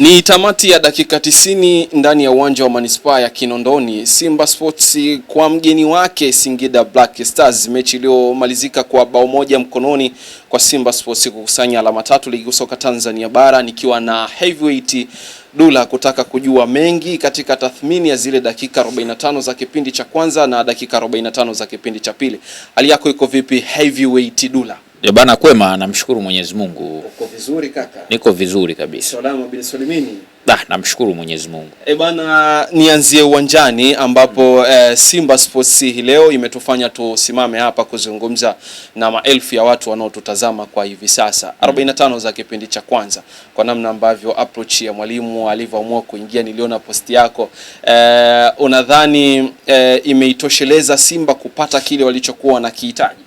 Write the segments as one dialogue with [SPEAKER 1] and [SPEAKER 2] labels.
[SPEAKER 1] Ni tamati ya dakika tisini ndani ya uwanja wa manispaa ya Kinondoni, Simba Sports kwa mgeni wake Singida Black Stars, mechi iliyomalizika kwa bao moja mkononi kwa Simba Sports kukusanya alama tatu ligi soka Tanzania bara, nikiwa na Heavyweight Dula kutaka kujua mengi katika tathmini ya zile dakika 45 za kipindi cha kwanza na dakika 45 za kipindi cha pili. Hali yako iko vipi Heavyweight Dula?
[SPEAKER 2] Ya bana kwema, namshukuru Mwenyezi Mungu.
[SPEAKER 1] Uko vizuri kaka?
[SPEAKER 2] Niko vizuri kabisa.
[SPEAKER 1] Salamu bin Salimini.
[SPEAKER 2] Da, namshukuru Mwenyezi Mungu.
[SPEAKER 1] E bana, nianzie uwanjani ambapo eh, Simba Sports hii leo imetufanya tusimame hapa kuzungumza na maelfu ya watu wanaotutazama kwa hivi sasa. 45 mm. za kipindi cha kwanza. Kwa namna ambavyo approach ya mwalimu alivyoamua kuingia, niliona posti yako eh, unadhani eh, imeitosheleza Simba kupata kile walichokuwa wanakihitaji?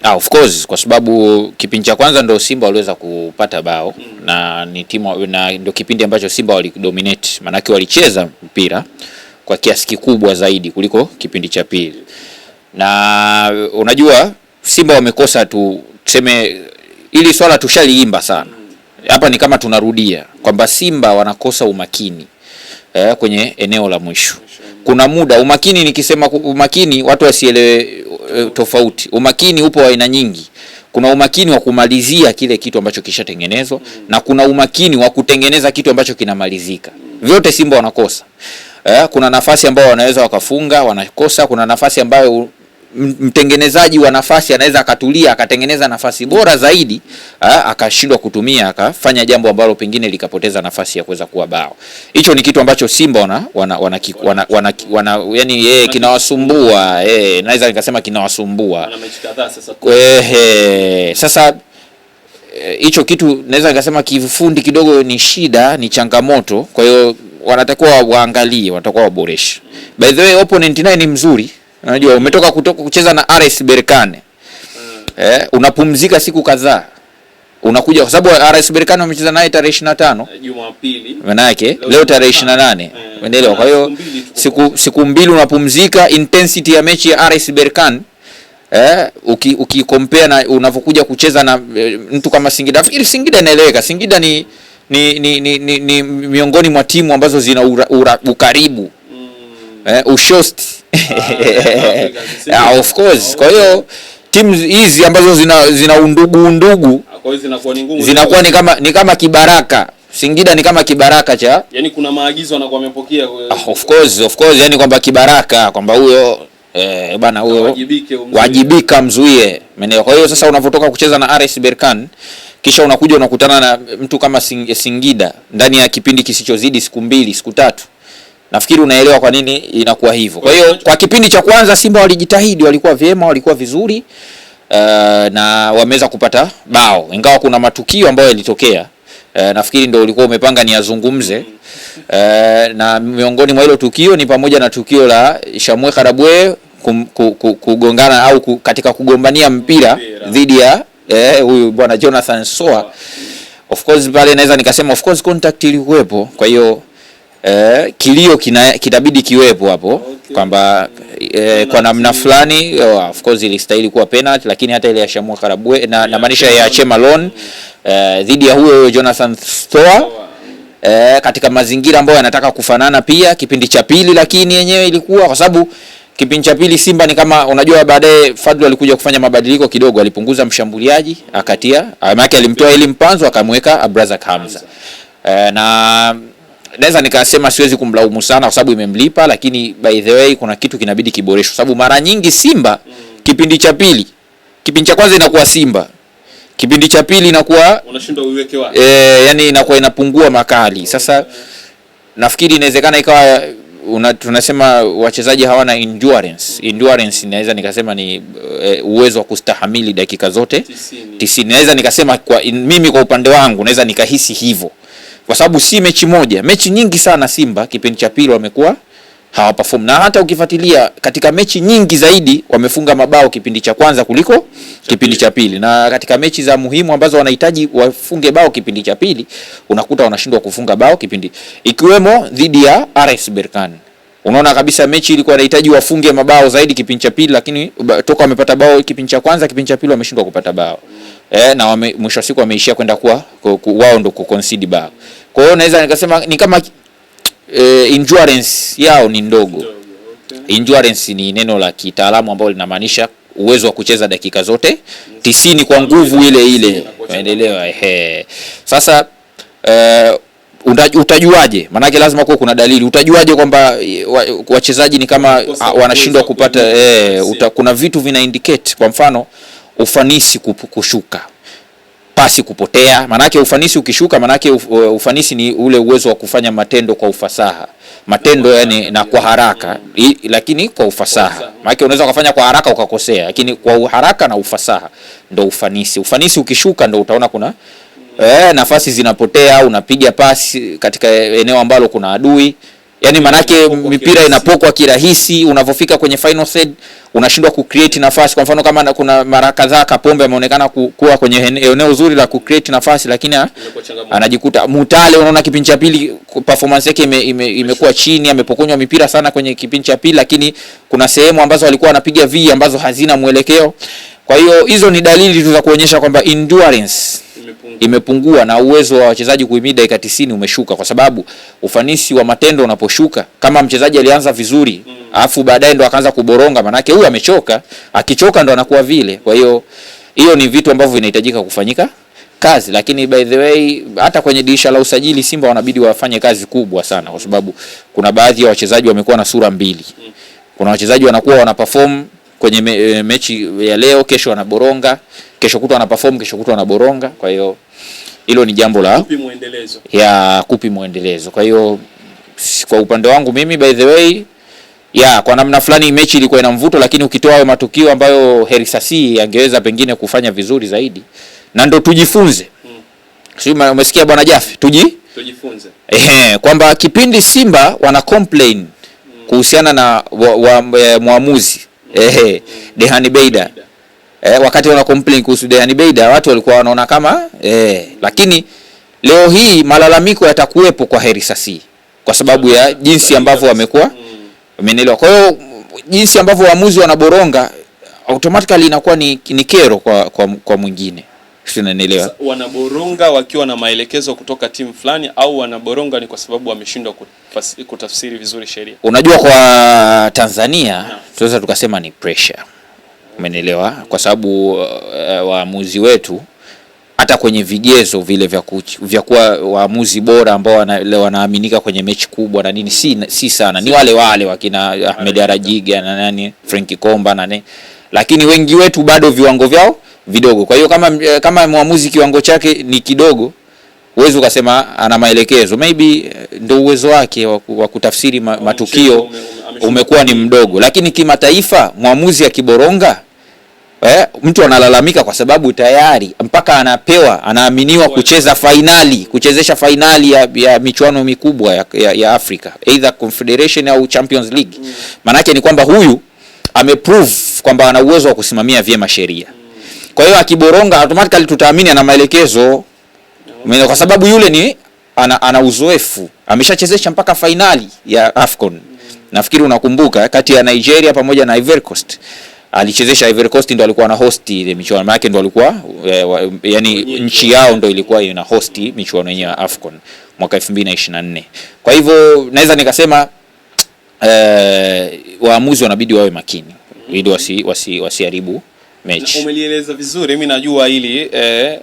[SPEAKER 2] Ah, of course kwa sababu kipindi cha kwanza ndo Simba waliweza kupata bao mm. na ni timu na ndio kipindi ambacho Simba walidominate, maanake walicheza mpira kwa kiasi kikubwa zaidi kuliko kipindi cha pili, na unajua Simba wamekosa tu, tuseme ili swala tushaliimba sana mm. hapa, ni kama tunarudia kwamba Simba wanakosa umakini eh, kwenye eneo la mwisho kuna muda umakini. Nikisema umakini, watu wasielewe eh, tofauti. Umakini upo aina nyingi. Kuna umakini wa kumalizia kile kitu ambacho kishatengenezwa mm. na kuna umakini wa kutengeneza kitu ambacho kinamalizika mm. vyote Simba wanakosa eh, kuna nafasi ambayo wanaweza wakafunga wanakosa, kuna nafasi ambayo mtengenezaji wa nafasi anaweza akatulia akatengeneza nafasi bora zaidi, akashindwa kutumia akafanya jambo ambalo pengine likapoteza nafasi ya kuweza kuwa bao. Hicho ni kitu ambacho Simba wana, wana, wana, wana, wana, wana yani yeye eh, kinawasumbua eh, naweza nikasema kinawasumbua eh, sasa hicho kitu naweza nikasema kifundi kidogo ni shida, ni changamoto. Kwa hiyo wanatakiwa waangalie, wanatakiwa waboreshe. By the way, opponent naye ni mzuri Unajua umetoka kutoka kucheza na RS Berkane mm. eh, unapumzika siku kadhaa unakuja kwa sababu RS Berkane wamecheza naye tarehe 25 eh,
[SPEAKER 1] Jumapili,
[SPEAKER 2] maana yake leo tarehe 28, eh, unaelewa? Kwa hiyo siku siku mbili unapumzika. Intensity ya mechi ya RS Berkane eh, uki, uki compare na unavyokuja kucheza na e, mtu kama Singida. Nafikiri Singida inaeleweka. Singida ni ni, ni, ni, ni, ni miongoni mwa timu ambazo zina ura, ura, ukaribu eh, ushosti ah, ah of course. Kwa hiyo timu hizi ambazo zina, zina undugu undugu ah, zinakuwa ni kama ni kama kibaraka Singida ni kama kibaraka cha
[SPEAKER 1] yani, kuna maagizo anakuwa amepokea
[SPEAKER 2] ah, of course of course, yani kwamba kibaraka kwamba huyo eh, bana huyo
[SPEAKER 1] wajibika mzuie
[SPEAKER 2] meneo. Kwa hiyo sasa unavotoka kucheza na RS berkan kisha unakuja unakutana na mtu kama Singida ndani ya kipindi kisichozidi siku mbili siku tatu Nafikiri unaelewa kwa nini inakuwa hivyo. Kwa hiyo kwa kipindi cha kwanza Simba walijitahidi, walikuwa vyema, walikuwa vizuri uh, na wameweza kupata bao, ingawa kuna matukio ambayo yalitokea uh, nafikiri ndio ulikuwa umepanga niyazungumze uh, na miongoni mwa hilo tukio ni pamoja na tukio la Shamwe Karabwe kum, ku, ku, kugongana au ku, katika kugombania mpira dhidi ya huyu eh, bwana Jonathan Soa. Of course pale naweza nikasema of course contact ilikuwepo, kwa hiyo eh, kilio kina, kitabidi kiwepo hapo okay. Kwamba eh, kwa namna fulani oh, of course ilistahili kuwa penalty, lakini hata ile ya Shamua Karabwe na, na maanisha ya Chema Lone eh, dhidi ya huyo Jonathan Stoa eh, katika mazingira ambayo yanataka kufanana pia kipindi cha pili, lakini yenyewe ilikuwa kwa sababu kipindi cha pili Simba ni kama unajua, baadaye Fadlu alikuja kufanya mabadiliko kidogo, alipunguza mshambuliaji akatia, maana yake alimtoa ili mpanzo akamweka Abrazak Hamza, Hamza. Eh, na naweza nikasema siwezi kumlaumu sana kwa sababu imemlipa, lakini by the way kuna kitu kinabidi kiboreshwe, sababu mara nyingi Simba mm. kipindi cha pili, kipindi cha kwanza inakuwa Simba, kipindi cha pili inakuwa
[SPEAKER 1] unashindwa uiweke wapi
[SPEAKER 2] eh, yani inakuwa inapungua makali. Sasa nafikiri inawezekana ikawa una, tunasema wachezaji hawana endurance. Endurance inaweza nikasema ni e, uwezo wa kustahamili dakika zote tisini. Naweza nikasema kwa, in, mimi kwa upande wangu naweza nikahisi hivyo kwa sababu si mechi moja, mechi nyingi sana Simba kipindi cha pili wamekuwa hawaperform, na hata ukifuatilia katika mechi nyingi zaidi wamefunga mabao kipindi cha kwanza kuliko kipindi cha pili, na katika mechi za muhimu ambazo wanahitaji wafunge bao kipindi cha pili unakuta wanashindwa kufunga bao kipindi, ikiwemo dhidi ya RS Berkane. Unaona kabisa mechi ilikuwa inahitaji wafunge mabao zaidi kipindi cha pili, lakini toka wamepata bao kipindi cha kwanza, kipindi cha pili wameshindwa kupata bao eh, na wame, mwisho wa siku wameishia kwenda kuwa wao ndo kuconcede bao. Kwa hiyo naweza nikasema ni kama eh, endurance yao ni ndogo. Okay. Endurance ni neno la kitaalamu ambalo linamaanisha uwezo wa kucheza dakika zote tisini kwa nguvu ile ile, unaelewa? Ehe, sasa eh, utajuaje? Maanake lazima kuwa kuna dalili. Utajuaje kwamba eh, wachezaji ni kama wanashindwa kupata eh, uta, kuna vitu vina indicate kwa mfano ufanisi kushuka pasi kupotea. Maanake ufanisi ukishuka, maanake ufanisi ni ule uwezo wa kufanya matendo kwa ufasaha, matendo yani na kwa haraka I, lakini kwa ufasaha. Maanake unaweza kufanya kwa haraka ukakosea, lakini kwa haraka na ufasaha ndo ufanisi. Ufanisi ukishuka ndo utaona kuna e, nafasi zinapotea, unapiga pasi katika eneo ambalo kuna adui yani manake mipira inapokwa kirahisi, unavyofika kwenye final third unashindwa kucreate nafasi. Kwa mfano kama kuna mara kadhaa Kapombe ameonekana kuwa kwenye eneo zuri la kucreate nafasi, lakini anajikuta Mutale, unaona kipindi cha pili performance yake ime, ime, chini, amepokonywa mipira sana kwenye kipindi cha pili, lakini kuna sehemu ambazo alikuwa anapiga vi ambazo hazina mwelekeo. Kwa hiyo hizo ni dalili tu za kuonyesha kwamba endurance imepungua na uwezo wa wachezaji kuhimili dakika 90 umeshuka, kwa sababu ufanisi wa matendo unaposhuka, kama mchezaji alianza vizuri mm. alafu baadaye ndo akaanza kuboronga, manake huyu amechoka. Akichoka ndo anakuwa vile. Kwa hiyo hiyo ni vitu ambavyo vinahitajika kufanyika kazi, lakini by the way, hata kwenye dirisha la usajili Simba wanabidi wafanye kazi kubwa sana, kwa sababu kuna baadhi ya wachezaji wamekuwa na sura mbili. Mm. Kuna wachezaji wanakuwa wanaperform kwenye me, eh, mechi ya leo, kesho wanaboronga, kesho kutwa perform, kesho kutwa wanaboronga. Kwa hiyo hilo ni jambo la kupi
[SPEAKER 1] muendelezo,
[SPEAKER 2] ya kupi muendelezo. Kwa hiyo kwa upande wangu mimi, by the way ya kwa namna fulani mechi ilikuwa ina mvuto, lakini ukitoa hayo matukio ambayo Herisasi angeweza pengine kufanya vizuri zaidi, na ndo tujifunze hmm. Sio umesikia bwana Jafi, tuji tujifunze ehe, kwamba kipindi Simba wana complain hmm. kuhusiana na wa, wa, wa, eh, mwamuzi eh, Dehani Beida eh, wakati wana complain kuhusu Dehani Beida watu walikuwa wanaona kama eh, lakini leo hii malalamiko yatakuwepo kwa Heri Sasi kwa sababu ya jinsi ambavyo wamekuwa wamenelewa. Kwa hiyo jinsi ambavyo waamuzi wanaboronga automatically inakuwa ni, ni kero kwa, kwa, kwa mwingine sinanielewa,
[SPEAKER 1] wanaboronga wakiwa na maelekezo kutoka timu fulani, au wanaboronga ni kwa sababu wameshindwa kutafsiri vizuri sheria.
[SPEAKER 2] Unajua, kwa Tanzania tunaweza tukasema ni pressure, umenielewa? Kwa sababu uh, waamuzi wetu hata kwenye vigezo vile vya vya kuwa waamuzi bora ambao wanaaminika kwenye mechi kubwa na nini, si, si sana, ni wale wale wakina Ahmed Arajiga na nani Frank Komba na nani lakini wengi wetu bado viwango vyao vidogo. Kwa hiyo kama, eh, kama mwamuzi kiwango chake ni kidogo, huwezi ukasema ana maelekezo, maybe eh, ndo uwezo wake wa kutafsiri matukio umekuwa ni mdogo, lakini kimataifa mwamuzi akiboronga Eh, mtu analalamika kwa sababu tayari mpaka anapewa anaaminiwa kucheza fainali kuchezesha fainali ya, ya michuano mikubwa ya, ya, ya Afrika, either Confederation au Champions League. Mm. Maanake ni kwamba huyu ameprove kwamba ana uwezo wa kusimamia vyema sheria. Kwa hiyo akiboronga, automatically tutaamini ana maelekezo, kwa sababu yule ni ana, ana uzoefu, ameshachezesha mpaka fainali ya Afcon. Nafikiri unakumbuka kati ya Nigeria pamoja na Ivory Coast alichezesha Ivory Coast, ndo alikuwa na host ile michuano yake, ndo alikuwa eh, yani nchi yao ndo ilikuwa ina host michuano yenyewe ya Afcon mwaka 2024. Kwa hivyo naweza nikasema eh, waamuzi wanabidi wawe makini ili wasi, wasi, wasiharibu mechi.
[SPEAKER 1] Umelieleza vizuri, mimi najua hili eh,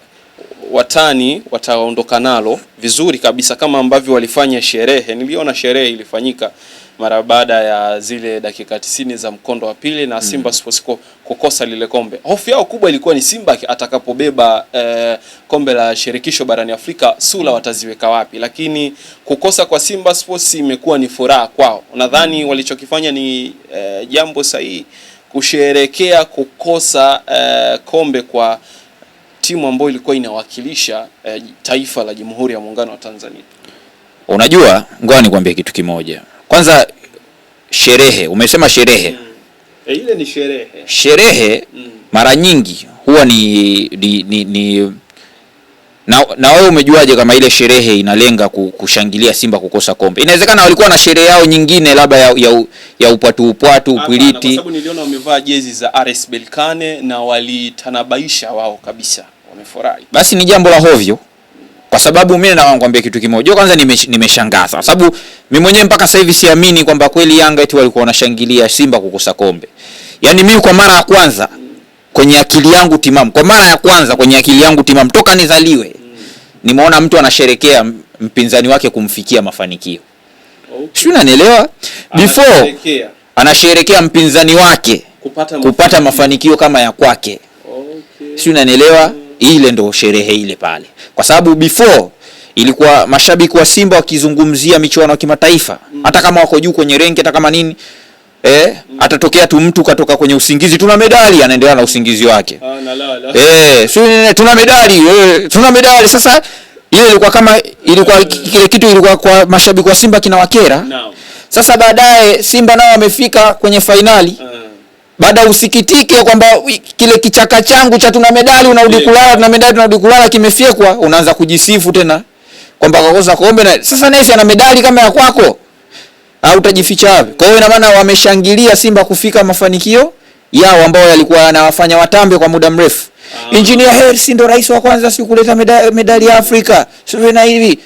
[SPEAKER 1] watani wataondoka nalo vizuri kabisa, kama ambavyo walifanya sherehe. Niliona sherehe ilifanyika mara baada ya zile dakika tisini za mkondo wa pili na mm. Simba Sports kukosa lile kombe. Hofu yao kubwa ilikuwa ni Simba atakapobeba eh, kombe la shirikisho barani Afrika, sula wataziweka wapi? Lakini kukosa kwa Simba Sports imekuwa ni furaha kwao. Nadhani mm. walichokifanya ni eh, jambo sahihi kusherekea kukosa uh, kombe kwa timu ambayo ilikuwa inawakilisha uh, taifa la Jamhuri ya Muungano wa Tanzania.
[SPEAKER 2] Unajua, ngoja nikwambie kitu kimoja. Kwanza sherehe, umesema sherehe mm.
[SPEAKER 1] E, ile ni sherehe.
[SPEAKER 2] Sherehe mm. mara nyingi huwa ni, ni, ni, ni na na wewe umejuaje kama ile sherehe inalenga kushangilia Simba kukosa kombe? Inawezekana walikuwa na sherehe yao nyingine labda ya, ya, ya upwatu upwatu upwiliti. Kwa
[SPEAKER 1] sababu niliona wamevaa jezi za RS belkane na walitanabaisha wao kabisa. Wamefurahi.
[SPEAKER 2] Basi ni jambo la hovyo. Kwa sababu mimi nataka nikwambie kitu kimoja. Kwanza nimeshangaza nime Kwa sababu mimi mwenyewe mpaka sasa hivi siamini kwamba kweli Yanga eti walikuwa wanashangilia Simba kukosa kombe. Yaani mimi kwa mara ya kwanza kwenye akili yangu timamu, kwa mara ya kwanza kwenye akili yangu timamu toka nizaliwe nimeona mtu anasherekea mpinzani wake kumfikia mafanikio okay. Sio, unanielewa? Before anasherekea mpinzani wake kupata, kupata mafanikio kama ya kwake okay. Sio, unanielewa? Ile ndo sherehe ile pale, kwa sababu before ilikuwa mashabiki wa Simba wakizungumzia michuano ya kimataifa mm. Hata kama wako juu kwenye renki, hata kama nini eh, mm. atatokea tu mtu katoka kwenye usingizi, tuna medali, anaendelea na usingizi wake ah, eh, si tuna medali eh, tuna medali. Sasa ile ilikuwa kama ilikuwa kile kitu ilikuwa kwa mashabiki wa Simba kinawakera. Sasa baadaye Simba nao wamefika kwenye fainali ah. baada usikitike kwamba kile kichaka changu cha tuna medali unarudi eh. kulala, tuna medali tunarudi kulala kimefyekwa, unaanza kujisifu tena kwamba kakosa kombe na sasa naisi ana medali kama ya kwako au utajificha wapi? Kwa hiyo ina maana wameshangilia Simba kufika mafanikio yao ambao yalikuwa yanawafanya watambe kwa muda mrefu. Ah. Engineer Hersi ndo rais wa kwanza si kuleta medali, medali ya Afrika. Sio na hivi.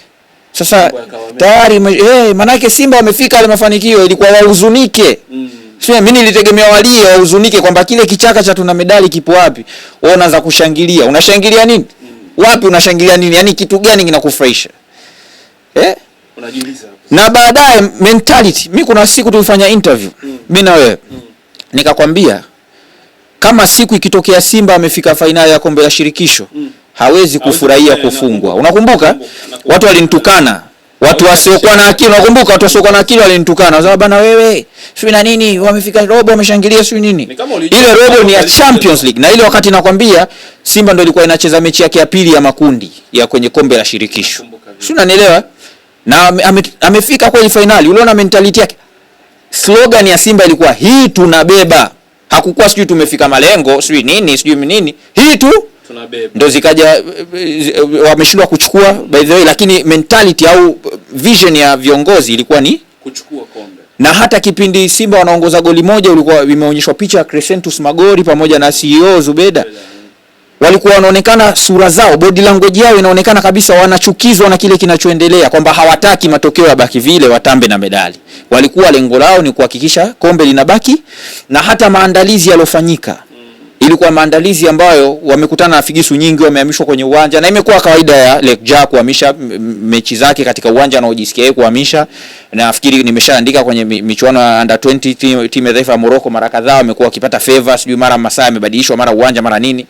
[SPEAKER 2] Sasa tayari eh, manake Simba wamefika ile mafanikio, ilikuwa wahuzunike. Mm. Sio mimi nilitegemea walie wahuzunike kwamba kile kichaka cha tuna medali kipo wapi? Wao unaanza kushangilia. Unashangilia nini? Mm. Wapi unashangilia nini? Yaani kitu gani kinakufurahisha? Eh? Na baadaye mentality, Mi kuna siku tulifanya interview mm. mimi na wewe mm. nikakwambia kama siku ikitokea Simba amefika fainali ya kombe la shirikisho mm. hawezi kufurahia kufungwa. Unakumbuka watu walinitukana watu wasiokuwa na akili unakumbuka, watu wasiokuwa na akili walinitukana, wasema bana, wewe sio na nini, wamefika robo, wameshangilia sio nini. Ile robo ni ya Champions League, na ile wakati nakwambia Simba ndio ilikuwa inacheza mechi yake ya pili ya makundi ya kwenye kombe la shirikisho, sio unanielewa? na ame, amefika kweli fainali. Uliona mentality yake. Slogan ya Simba ilikuwa hii tunabeba, hakukuwa sijui tumefika malengo sijui nini sijui nini, hii tu tunabeba, ndio zikaja eh, eh, wameshindwa kuchukua by the way, lakini mentality au vision ya viongozi ilikuwa ni
[SPEAKER 1] kuchukua kombe
[SPEAKER 2] na hata kipindi Simba wanaongoza goli moja, ulikuwa imeonyeshwa picha ya Crescentus Magori pamoja na CEO Zubeda walikuwa wanaonekana sura zao, body language yao inaonekana kabisa wanachukizwa na kile kinachoendelea, kwamba hawataki matokeo yabaki vile, watambe na medali. Walikuwa lengo lao ni kuhakikisha kombe linabaki, na hata maandalizi yalofanyika ilikuwa maandalizi ambayo wamekutana na figisu nyingi, wamehamishwa kwenye uwanja, na imekuwa kawaida ya Lekja kuhamisha mechi zake katika uwanja anaojisikia yeye kuhamisha. Nafikiri nimeshaandika kwenye michuano ya under 20 team, timu ya taifa ya Morocco mara kadhaa wamekuwa wakipata favor, sijui mara masaa yamebadilishwa, mara uwanja, mara nini,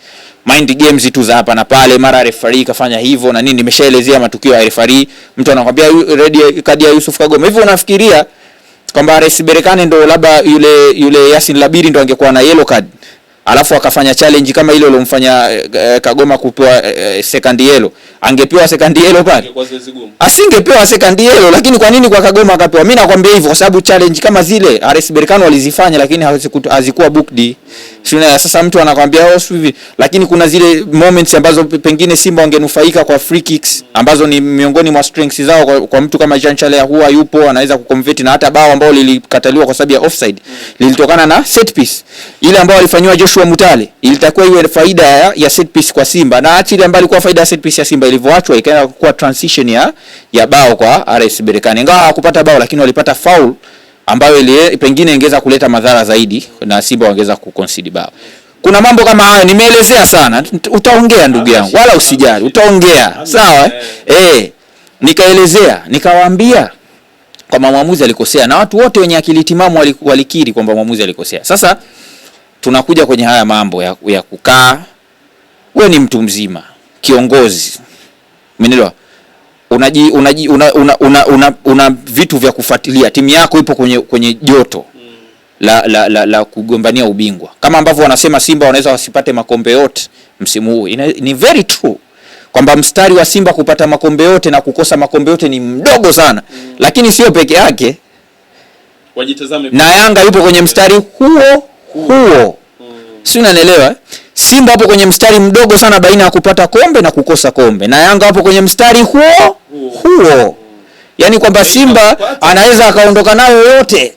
[SPEAKER 2] mind games tu za hapa na pale, mara referee kafanya hivyo na nini. Nimeshaelezea matukio ya referee, mtu anakuambia red kadi ya Yusuf Kagoma. Hivyo unafikiria kwamba Rais Berekani ndo labda yule yule Yasin Labiri ndo angekuwa na yellow card alafu akafanya challenge kama ile ilomfanya eh, Kagoma kupewa eh, eh, second yellow. Angepewa second yellow pale, asingepewa second yellow. Lakini kwa nini kwa Kagoma akapewa? Mimi nakwambia hivyo kwa sababu challenge kama zile RS Berkane walizifanya, lakini hazikuwa booked. Sina sasa, mtu anakwambia oh, hivi, lakini kuna zile moments ambazo pengine Simba wangenufaika kwa free kicks ambazo ni miongoni mwa strengths zao. Kwa, kwa mtu kama Jean Chalea huwa yupo anaweza kuconvert, na hata bao ambao lilikataliwa kwa sababu ya offside lilitokana na set piece ile ambayo alifanywa Joshua Mutale ilitakuwa iwe faida ya, ya set piece kwa Simba na hata ile ambayo ilikuwa faida ya set piece ya Simba ilivyoachwa ikaenda kuwa transition ya ya bao kwa RS Berkane. Ingawa hawakupata bao lakini walipata foul ambayo ile pengine ingeweza kuleta madhara zaidi na Simba wangeweza kuconcede bao. Kuna mambo kama hayo nimeelezea sana. Utaongea ndugu ah, yangu wala ah, usijali. Ah, utaongea. Sawa? Eh. eh. Nikaelezea, nikawaambia kwamba mwamuzi alikosea na watu wote wenye akili timamu walikiri kwamba mwamuzi alikosea. Sasa tunakuja kwenye haya mambo ya, ya kukaa. We ni mtu mzima, kiongozi, umeelewa? Unaji, unaji, una, una, una, una, una vitu vya kufuatilia. Timu yako ipo kwenye, kwenye joto la, la, la, la kugombania ubingwa kama ambavyo wanasema Simba wanaweza wasipate makombe yote msimu huu. Ni very true kwamba mstari wa Simba kupata makombe yote na kukosa makombe yote ni mdogo sana mm. Lakini sio peke yake, na Yanga yupo kwenye mstari huo huo mm. si unanielewa? Eh? Simba hapo kwenye mstari mdogo sana baina ya kupata kombe na kukosa kombe, na Yanga hapo kwenye mstari huo huo, mm. yaani kwamba yaani Simba anaweza akaondoka nayo yote,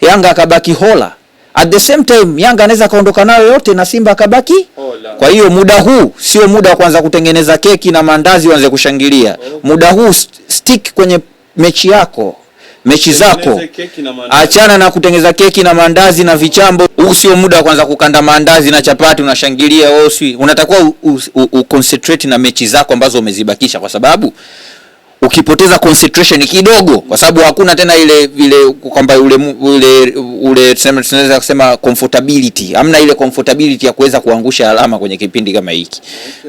[SPEAKER 2] Yanga akabaki hola. At the same time Yanga anaweza akaondoka nayo yote na Simba akabaki Kwa hiyo muda huu sio muda wa kuanza kutengeneza keki na mandazi waanze kushangilia. Muda huu stick kwenye mechi yako mechi zako, achana na kutengeneza keki na maandazi na vichambo. Huu sio muda wa kwanza kukanda maandazi na chapati, unashangilia wewe. Si unatakiwa uconcentrate na mechi zako ambazo umezibakisha, kwa sababu ukipoteza concentration kidogo, kwa sababu hakuna tena ile ile kwamba ule ule ule tunaweza kusema comfortability, hamna ile comfortability ya kuweza kuangusha alama kwenye kipindi kama hiki.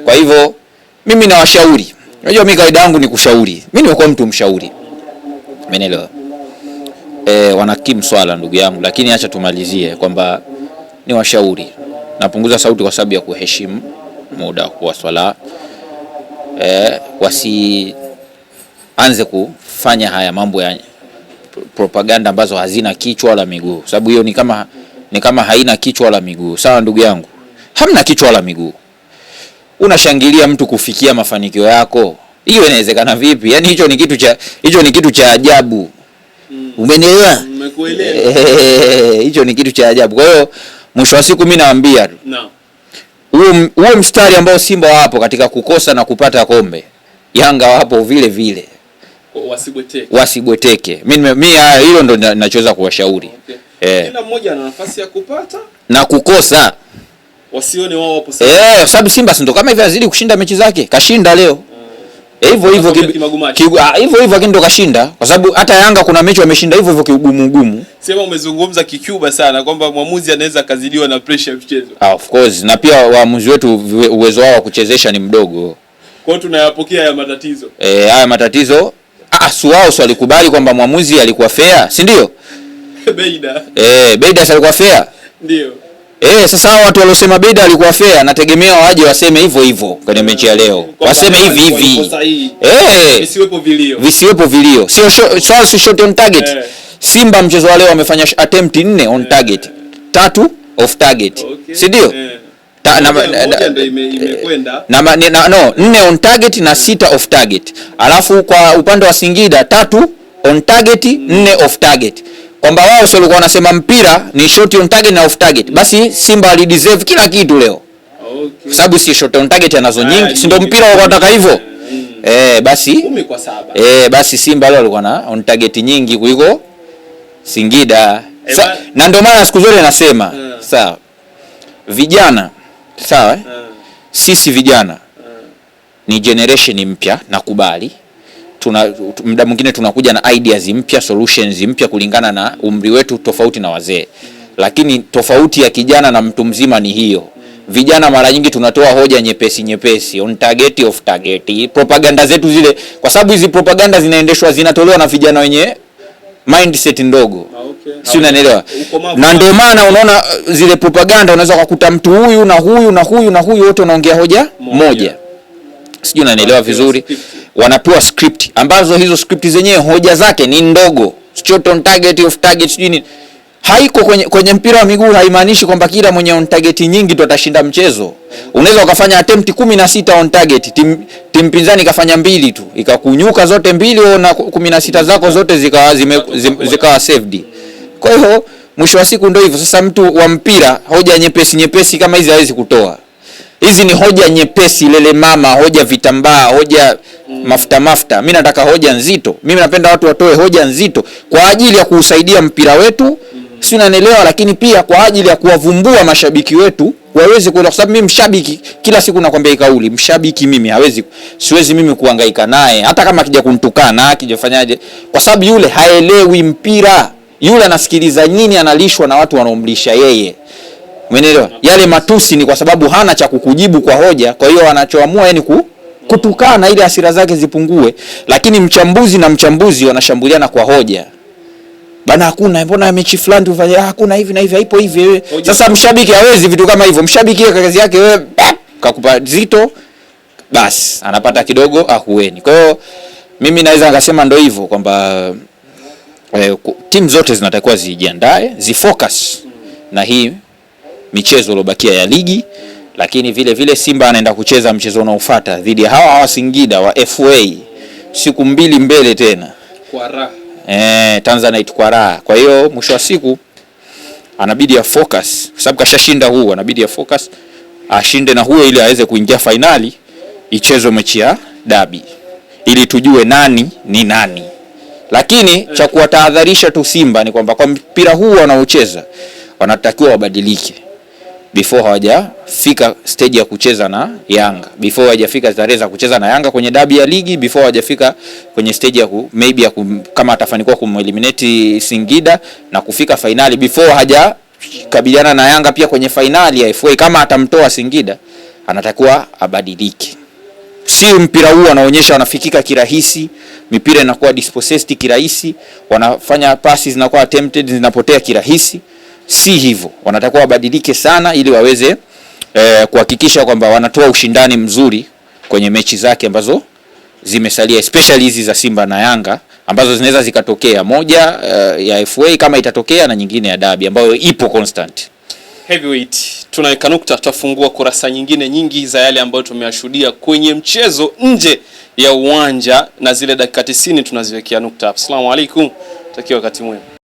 [SPEAKER 2] Kwa hivyo mimi nawashauri, unajua mimi kawaida yangu ni kushauri, mimi ni kwa mtu mshauri, umeelewa? e, wanakim swala ndugu yangu, lakini acha tumalizie kwamba ni washauri. Napunguza sauti kwa sababu ya kuheshimu muda wa swala e, wasianze kufanya haya mambo ya propaganda ambazo hazina kichwa wala miguu, sababu hiyo ni kama, ni kama haina kichwa wala miguu. Sawa ndugu yangu, hamna kichwa wala miguu. Unashangilia mtu kufikia mafanikio yako, hiyo inawezekana vipi? Yani hicho ni kitu cha hicho ni kitu cha ajabu. Mm. Umenielewa? Nimekuelewa. Eh, hicho ni kitu cha ajabu. Kwa hiyo mwisho wa siku mimi naambia tu. Naam. Huo mstari ambao Simba wapo katika kukosa na kupata kombe, Yanga wapo vile vile.
[SPEAKER 1] Wasibweteke.
[SPEAKER 2] Wasibweteke. Mimi mimi ah, hilo ndo ninachoweza kuwashauri. Okay.
[SPEAKER 1] Eh. Kila mmoja ana nafasi ya kupata
[SPEAKER 2] na kukosa.
[SPEAKER 1] Wasione wao wapo sawa.
[SPEAKER 2] Eh, sababu Simba si ndo kama hivi azidi kushinda mechi zake. Kashinda leo. Eh, hivyo hivyo ah, hivyo hivyo, lakini ndo kashinda, kwa sababu hata Yanga kuna mechi wameshinda hivyo hivyo kiugumu ugumu.
[SPEAKER 1] Sema umezungumza kicuba sana kwamba mwamuzi anaweza kazidiwa na pressure ya mchezo.
[SPEAKER 2] Ah, of course, na pia waamuzi wetu uwezo wao wa kuchezesha ni mdogo,
[SPEAKER 1] kwa hiyo tunayapokea haya matatizo
[SPEAKER 2] eh, haya matatizo. Ah, ah Suao kubali kwamba mwamuzi alikuwa fair, si ndio? Beida eh, Beida alikuwa fair, ndio Eh, sasa hao watu waliosema bida alikuwa fair, nategemea waje waseme hivyo hivyo kwenye mechi ya leo, waseme hivi hivi
[SPEAKER 1] eh, visiwepo vilio,
[SPEAKER 2] visiwepo vilio, sio swala, sio shot on target. Eh. Simba mchezo wa leo wamefanya attempt nne on eh. target, tatu off target, si ndio? na na No, nne on target na sita off target, alafu kwa upande wa Singida tatu on target, nne off target kwamba wao sio walikuwa wanasema mpira ni shot on target na off target, basi Simba deserve kila kitu leo okay. sababu si shot on target anazo ah, nyingi, si ndio mpira wao wataka hivyo mm. eh? Basi 10 kwa 7 eh, basi Simba leo walikuwa na on target nyingi kuliko Singida eh, Sa, na ndio maana siku zote nasema yeah. sawa, vijana sawa, yeah. sisi vijana yeah. ni generation mpya, nakubali tuna muda mwingine tunakuja na ideas mpya, solutions mpya kulingana na umri wetu, tofauti na wazee. Lakini tofauti ya kijana na mtu mzima ni hiyo. Vijana mara nyingi tunatoa hoja nyepesi nyepesi, on target of target, propaganda zetu zile, kwa sababu hizi propaganda zinaendeshwa zinatolewa na vijana wenye mindset ndogo. Ah, okay, si unanielewa? Ah, na ndio maana unaona uh, zile propaganda unaweza kukuta mtu huyu na huyu na huyu na huyu wote wanaongea hoja moja, moja. Sijui unanielewa ah, vizuri wanapewa script ambazo hizo script zenyewe hoja zake ni ndogo, shot on target, off target, nini. Haiko kwenye, kwenye mpira wa miguu haimaanishi kwamba kila mwenye on target nyingi tu atashinda mchezo. Unaweza ukafanya attempt 16 on target, tim tim pinzani kafanya mbili tu ikakunyuka zote mbili na 16 zako zote zikawa zime, zikawa saved. Kwa hiyo mwisho wa siku ndio hivyo. Sasa mtu wa mpira hoja nyepesi nyepesi kama hizi hawezi kutoa. Hizi ni hoja nyepesi, lele mama, hoja vitambaa, hoja mm. mafuta mafuta. Mimi nataka hoja nzito. Mimi napenda watu watoe hoja nzito kwa ajili ya kuusaidia mpira wetu, mm. si unanielewa? Lakini pia kwa ajili ya kuwavumbua mashabiki wetu waweze kuelewa, kwa sababu mimi mshabiki, kila siku nakwambia kauli, mshabiki mimi hawezi, siwezi mimi kuhangaika naye, hata kama akija kuntukana akijafanyaje, kwa sababu yule haelewi mpira, yule anasikiliza nini, analishwa na watu wanaomlisha yeye. Umeelewa? Yale matusi ni kwa sababu hana cha kukujibu kwa hoja, kwa hiyo anachoamua yani ku, kutukana ili hasira zake zipungue, lakini mchambuzi na mchambuzi wanashambuliana kwa hoja bana, hakuna mbona mechi fulani tu fanya, hakuna hivi na hivi, haipo hivi. Sasa mshabiki hawezi vitu kama hivyo, mshabiki yeye kazi yake wewe kakupa zito, basi anapata kidogo ahueni. Kwa hiyo mimi naweza ngasema ndio hivyo kwamba eh, timu zote zinatakiwa zijiandae, zifocus na hii michezo iliyobakia ya ligi, lakini vile vile Simba anaenda kucheza mchezo unaofuata dhidi ya hawa Wasingida wa FA siku mbili mbele tena kwa raha eh, Tanzanite kwa raha. Kwa hiyo mwisho wa siku anabidi ya focus kwa sababu kashashinda huu, anabidi ya focus ashinde na huyo ili aweze kuingia fainali ichezo mechi ya dabi ili tujue nani ni nani. Lakini eh, cha kuwatahadharisha tu Simba ni kwamba kwa mpira huu wanaocheza wanatakiwa wabadilike before hawajafika stage ya kucheza na Yanga, before hawajafika tarehe za kucheza na Yanga kwenye dabi ya ligi, before hawajafika kwenye stage ya ku, maybe ya kama atafanikiwa kumeliminate Singida na kufika fainali, before hajakabiliana na Yanga pia kwenye fainali ya FA, kama atamtoa Singida, anatakiwa abadilike. Si mpira huu anaonyesha wanafikika kirahisi, mipira inakuwa dispossessed kirahisi, wanafanya passes zinakuwa attempted zinapotea kirahisi si hivyo, wanatakiwa wabadilike sana ili waweze e, kuhakikisha kwamba wanatoa ushindani mzuri kwenye mechi zake ambazo zimesalia especially hizi za Simba na Yanga ambazo zinaweza zikatokea moja uh, ya FA kama itatokea na nyingine ya dabi ambayo ipo constant.
[SPEAKER 1] Heavyweight, tunaweka nukta, tutafungua kurasa nyingine nyingi za yale ambayo tumeyashuhudia kwenye mchezo nje ya uwanja na zile dakika 90 tunaziwekea nukta. Asalamu alaykum, takia wakati mwema.